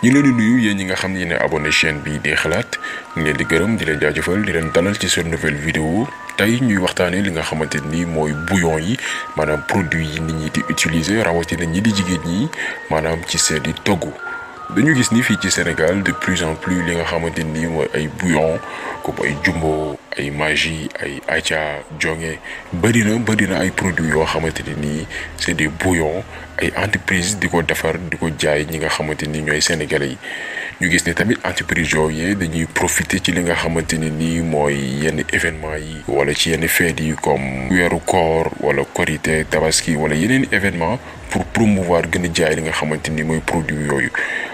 ñu leen di nuyu yéen ñi nga xam ne yéen abonné chaîne bii di xalaat ñu leen di gërëm di leen jaajëfal di leen dalal ci seen nouvelle vidéo tey ñuy waxtaanee li nga xamante ni mooy bouillon yi maanaam produit yi nit ñi di utiliser rawatina ñi di jigéen ñi maanaam ci seen i togg dañu gis ni fi ci Sénégal de plus en plus li nga xamante ni mooy ay bouillon comme ay jumbo ay magie ay aca jonge bëri na bëri na ay produits yoo xamante ni nii c'est des bouillons ay entreprise di ko defar di ko jaay ñi nga xamante ni ñooy sénégalais yi ñu gis ne tamit entreprise yooyu dañuy profiter ci li nga xamante ni nii mooy yenn événement yi wala ci yenn fête yi comme weeru koor wala korité tabaski wala yeneen événement pour promouvoir gën a jaay li nga xamante ni mooy produit yooyu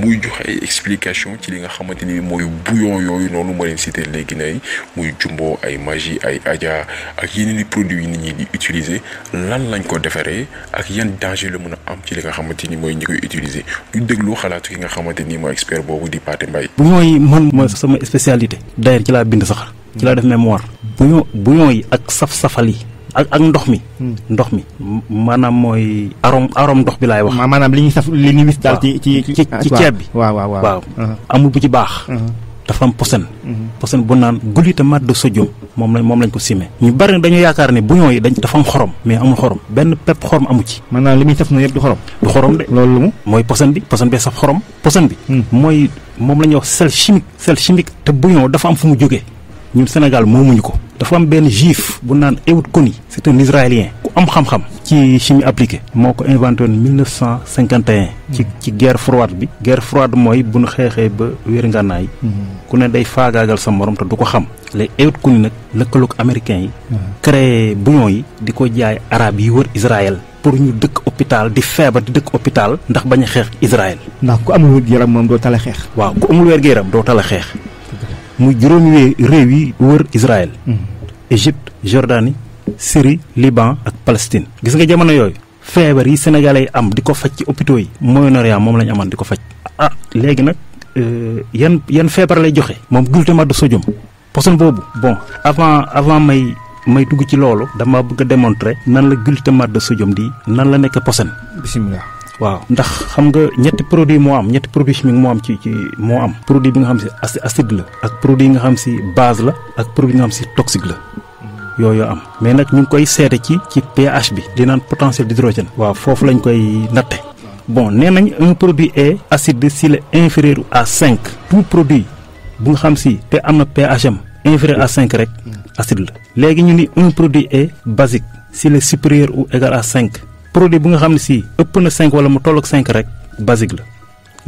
muy jox explication ci li nga xamanteni ni bouillon yoyu nonu ma leen cité léegi nay moy jumbo ay magie ay adja ak yeneen i produits yi nit ñi di utiliser lan lañ ko defaree ak yan danger le mëna am ci li nga xamanteni ni ñi koy utiliser ñu déglu xalaatu ki nga xamanteni ni expert bobu di Pathé mbay bouillon man sama spécialité. d'ailleurs ci la bind sax. ci laa def mémoire. bouillon bouillon yi ak saf-safal yi. ak ak ndox mi. Hmm. ndox mi maanaam mooy. arom arom ndox bi laay wax. maanaam li ñuy saf li ñuy wis daal ci ci ci ceeb bi. waaw waaw waaw uh-huh. amul bu ci baax. Uh-huh. dafa am posen uh-huh. posen bu naan glutamate de sodium moom lañ moom lañ ko simé ñu bari nag dañoo yaakaar ne bouillon yi dañ dafa am xorom mais amul xorom benn pepp xorom amu ci maanaam li muy saf na yëpp du xorom du xorom de loolu mooy posen bi posen bee saf xorom posen bi hmm. mooy moom la ñuy wax sel chimique sel chimique te bouillon dafa am fu mu jógee ñun Sénégal moomuñu ko dafa am benn juif bu naan Ehud Koni c'est un israélien ku am xam-xam ci chimie appliquée moo ko inventé woon 1951 ci ci guerre froide bi guerre froide mooy bu nu xeexee ba wér ngànnaay mm-hmm. ku ne day faagaagal sa morom te du ko xam léegi Ehud Koni nag lëkkaloog américain yi mm-hmm. créé bouillon yi di ko jaay arab yi wër Israël pour ñu dëkk hôpital di feebar di dëkk hôpital ndax bañ a xeex Israël ndax ku amul wér-gu-yaram moom doo tala xeex waaw ku amul wér-gu-yaram doo tala xeex muy juróomi réew yi wër Israël. Mhm. Égypte Jordanie Syrie Liban ak Palestine. gis nga jamono yooyu feebar yi sénégalais am di ko faj ci hôpitaux yi Moyen-Orient moom la ñu amoon di ko faj. ah léegi nag euh, yan yan feebar lay joxe. moom glutamate de sodium poison boobu bon avant avant may. may dugg ci loolu dama bëgg a démontrer nan la glutamate de sodium di nan la nekk posen bismillah waaw ndax xam nga ñetti produit moo am ñetti produit chimique moo am ci ci moo am. produit bi nga xam si acide la. ak produit yi nga xam si base la. ak produit yi nga xam si toxique la. yooyu am mais nag ñu ngi koy seete ci ci pH bi di naan potentiel d'hydrogène. waaw foofu lañ koy natte. bon nee nañ un produit est acide s'il est inférieur à cinq. tout produit bu nga xam si te am na pH am inférieur à cinq rek acide la. léegi ñu ni un produit est basique s'il est supérieur ou égal à cinq. produit bu nga xam ne si na 5 wala mu toll 5 rek basique la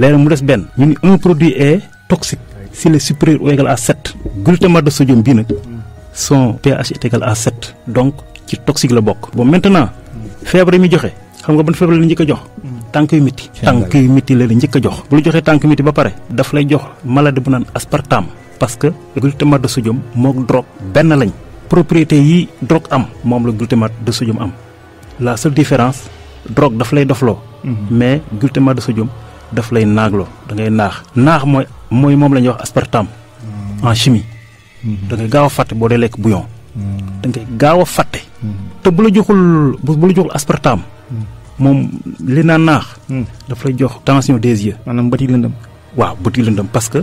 léegi mu des benn ñu un produit est toxique si le supérieur ou égal à 7 glutamate de sodium bii nag son pH est égal à 7 donc ci toxique la bokk. bon maintenant feebar yi muy joxe xam nga ban feebar la njëkk a jox. tànk yu miti tànk yu miti la la njëkk a jox bu la joxee tànk miti ba pare daf lay jox maladie bu naan aspartame parce que glutamate de sodium mook drogue benn lañ propriété yi drogue am moom la glutamate de sodium am la seule différence drogue daf lay doflo mhm. mais glutamate de sodium daf lay naglo da ngay mhm. en chimie. Donc ngay gawa faté est bouillon. da ngay gawa faté mhm. te bu la joxul bu la joxul aspartame. li tension des yeux. parce que.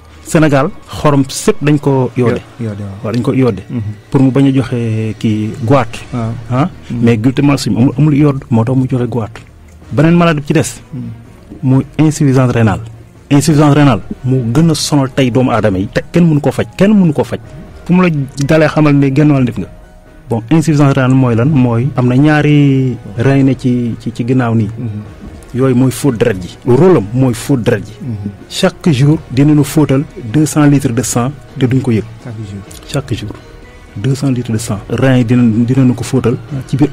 Sénégal xorom sépp dañ ko yoode waaw dañ ko yoode mhm. pour mu bañ a joxee eh, kii goiat ah mhm. mais glutamate amul amul yood moo tax mu joxe goiat beneen maladie bi ci des mhm. mu insuffisance rénale insuffisance rénale moo gën a sonal tey doomu aadama yi te kenn mënu koo faj kenn mënu koo faj fu mu la dalee xamal ne genn wàll nit nga bon insuffisance rénale mooy lan mooy am na ñaari rein ci ci ci ginnaaw nii faut mooy fóot deret ji rôle mhm. chaque jour nous fóotal 200 litres de sang de duñ ko jour. chaque jour 200 200 litres de sang rein yi dina ko fóotal ci biir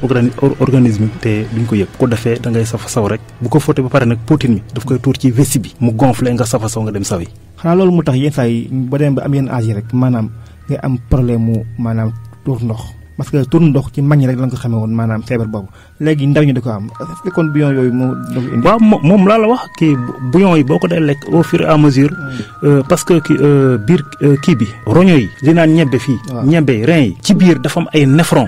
organisme te duñ ko yëg ko defee da ngay safa saw rek bu ko ba protéine daf koy ci vessie bi mu gonfle nga safa saw nga dem parce que tur ndox ci mañ ñi rek la nga ko xamee woon maanaam feebar boobu léegi ndaw ñi di ko am est kon bouillon yooyu moo. waaw moom laa la wax kii bouillon yi boo ko dee lekk au fur et à mesure. Hmm. Euh, parce que ki euh, biir euh, kii bi. roño yi li naan ñebbe fii. ñebbe rein yi. ci biir dafa am ay nefron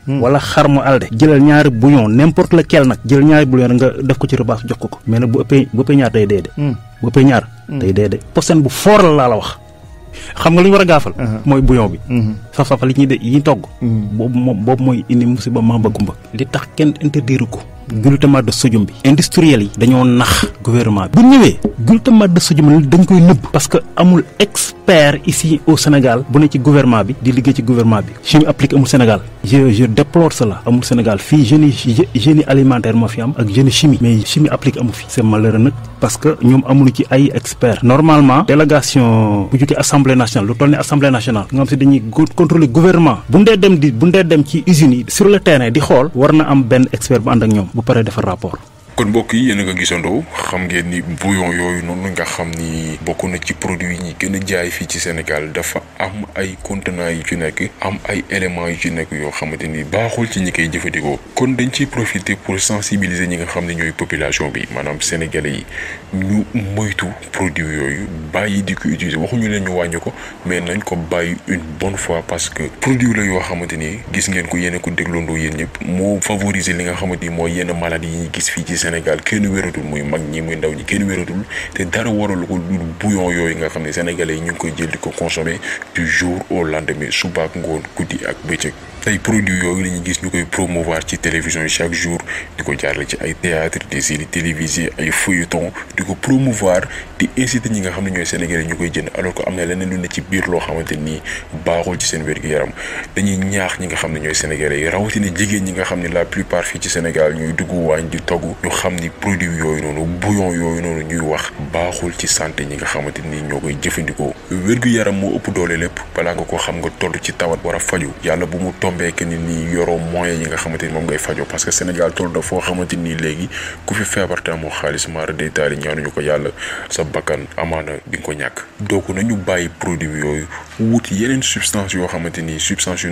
Hmm. wala xar mu alde jëlal ñaari bouillon n'importe lequel nag jël ñaari bouillon nga def ko ci rebaas jox ko ko mais nag bu ëppee bu ëppee ñaar day dee de hmm. bu ëppee ñaar hmm. day dee de posen bu foor la laa la wax xam nga lu war a gaafal uh-huh. mooy bouillon bi saf-safal yi ñuy togg boobu mooy indi musiba ma bagumba li tax kenn interdire ko glutamate de sodium bi industriel yi dañoo nax gouvernement bi bu ñëwee glutamate de sodium dañ koy nëbb parce amul ex ici au Sénégal bu ne ci gouvernement bi di liggéey ci gouvernement bi chimie appliquée au Sénégal je je déplore cela au Sénégal Fi génie génie alimentaire moo fi am ak génie chimie mais chimie appliquée amu fi c'est malheureux nak parce que ñom amuñu ci ay expert normalement délégation bu jógee assemblée nationale lu toll assemblée nationale nga am ci dañuy contrôler gouvernement bu ndé dem di bu ndé dem ci usine sur le terrain di xol, war na am ben expert bu and ak ñom bu paré rapport kon mbokk yi yéen a ko gisandoo xam ngeen ni bouillon yooyu noonu nga xam ni bokk na ci produit yi ñi gën jaay fii ci Sénégal dafa am ay contenant yu ci nekk am ay éléments yu ci nekk yoo xamante ni baaxul ci ñi koy jëfandikoo kon dañ ciy profiter pour sensibiliser ñi nga xam ne ñooy population bi maanaam sénégalais yi ñu moytu produit yooyu bàyyi di ko utiliser waxuñu leen ñu wàññi ko mais nañ ko bàyyi une bonne fois parce que produit la yoo xamante ni gis ngeen ko yéen a ko dégloondoo yéen ñëpp moo favoriser li nga xamante ni mooy yenn maladies yi gis fii ci Sénégal kenn wératul muy mag ñi muy ndaw ñi kenn wératul te dara waralu ko lu yooyu nga xam ne sénégalais ñu ngi koy jël di ko consommer du jour au lendemain suba ak ngoon guddi ak bëccëg. yooyu la ñu gis ñu koy promouvoir ci télévision yi chaque jour di ko jaarale ci ay théâtre des séries télévisées ay feuilletons di ko promouvoir di inciter ñi nga xam ne ñooy sénégalais ñu koy jënd alors am na leneen lu ne ci xamante nii baaxul ci seen wér-gu-yaram dañuy ñaax ñi nga xam ne ñooy sénégalais yi rawatina jigéen ñi nga xam ne la plupart fii ci Sénégal ñooy dugg waañ di togg. pour xam ni produit yooyu noonu bouillon yooyu noonu ñuy wax baaxul ci santé ñi nga xamante ni ñoo koy jëfandikoo wér-gu-yaram moo ëpp doole lépp balaa nga ko xam nga toll ci tawat war faju yàlla bu mu tombee que ni nii yoroo moyen yi nga xamante ni moom ngay fajo parce que Sénégal toll na foo xamante nii léegi ku fi feebar te amoo xaalis maara détaali ñaanuñu ko yàlla sa bakkan amaana di nga ko ñàkk donc nañu bàyyi produit yooyu wut yeneen substance yoo xamante ni substance yu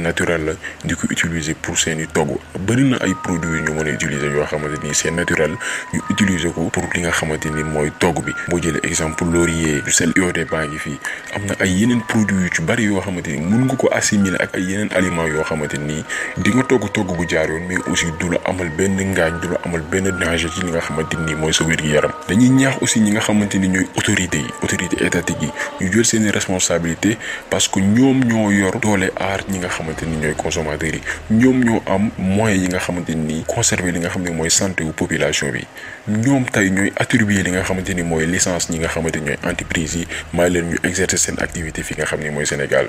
sel ñu utiliser ko pour li nga xamanteni moy togg bi boo jëlee exemple laurier du sel iodé baa ngi fii am ay yeneen produit yu ci bari yo xamanteni mën nga ko assimiler ak ay yeneen aliment yo xamanteni di nga togg togg bu jaar yoon mais aussi du la amal benn ngaañ du la amal benn danger ci li nga xamanteni moy sa wér gi yaram dañuy ñaax aussi ñi nga xamanteni ñoy autorité yi autorité étatique yi ñu jël seen responsabilité parce que ñoom ñoo yor doole aar ñi nga xamanteni ñoy ñooy consommateurs yi ñoom ñoo am moyen yi nga xamanteni conserver li nga xamanteni moy santé wu population formation bi ñoom tey ñooy attribuer li nga xamanteni moy licence ñi nga xamanteni ñoy entreprise yi may leen ñu exercer sen activité fi nga xamni moy Sénégal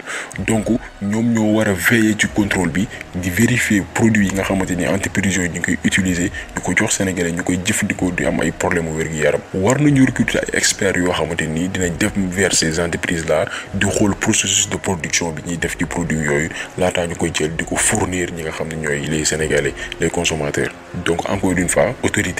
donc ñom ñoo wara veiller ci contrôle bi di vérifier produit yi nga xamanteni entreprise yi ñu koy utiliser ñu ko jox Sénégalais ñu koy jëfandikoo du am ay problème wër gu yaram war nañu recruter ay experts yo xamanteni dinañ def vers ces entreprises là di xool processus de production bi ñi def ci produit yooyu laataa ñu koy jël diko fournir ñi nga xamni ñoy les Sénégalais les consommateurs donc encore une fois autorité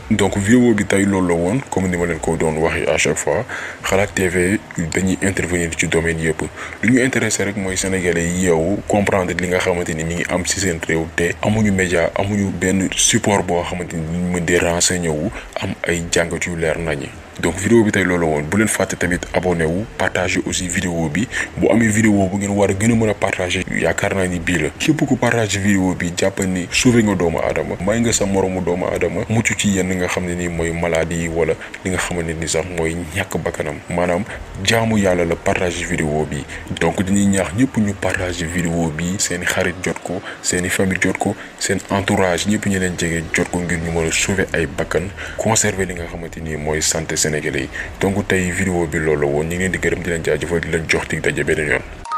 donc vidéo bi tey loolu la comme ni ma len ko don waxi à chaque fois Xalaat TV dañuy intervenir ci domaine yëpp lu ñu intéressé rek moy sénégalais yow comprendre li nga xamanteni ni mi ngi am ci sen réew té amuñu média amuñu benn support bo xamanteni ñu mën di renseigner wu am ay jangatu yu leer nañi donc vidéo bi tay won bu len faté tamit abonné wu partager aussi vidéo bi bu la vidéo bu ngeen war a partager partager ni partager la képp ku la vidéo bi ni nga doomu nga sa ci nga ni maladie wala li nga xamné ni sax moy ñak bakanam manam jaamu yalla la partager vidéo bi donc dañuy ñaax ñëpp ñu partager vidéo bi seen xarit jot ko seen famille jot ko entourage ñëpp ñu jot ko ngir ñu sauver ay conserver li santé sénégalais yi donc tey vidéo bi loolu woon ñu ngi leen di gërëm di leen jaajëfal di leen jox dig daje beneen yoon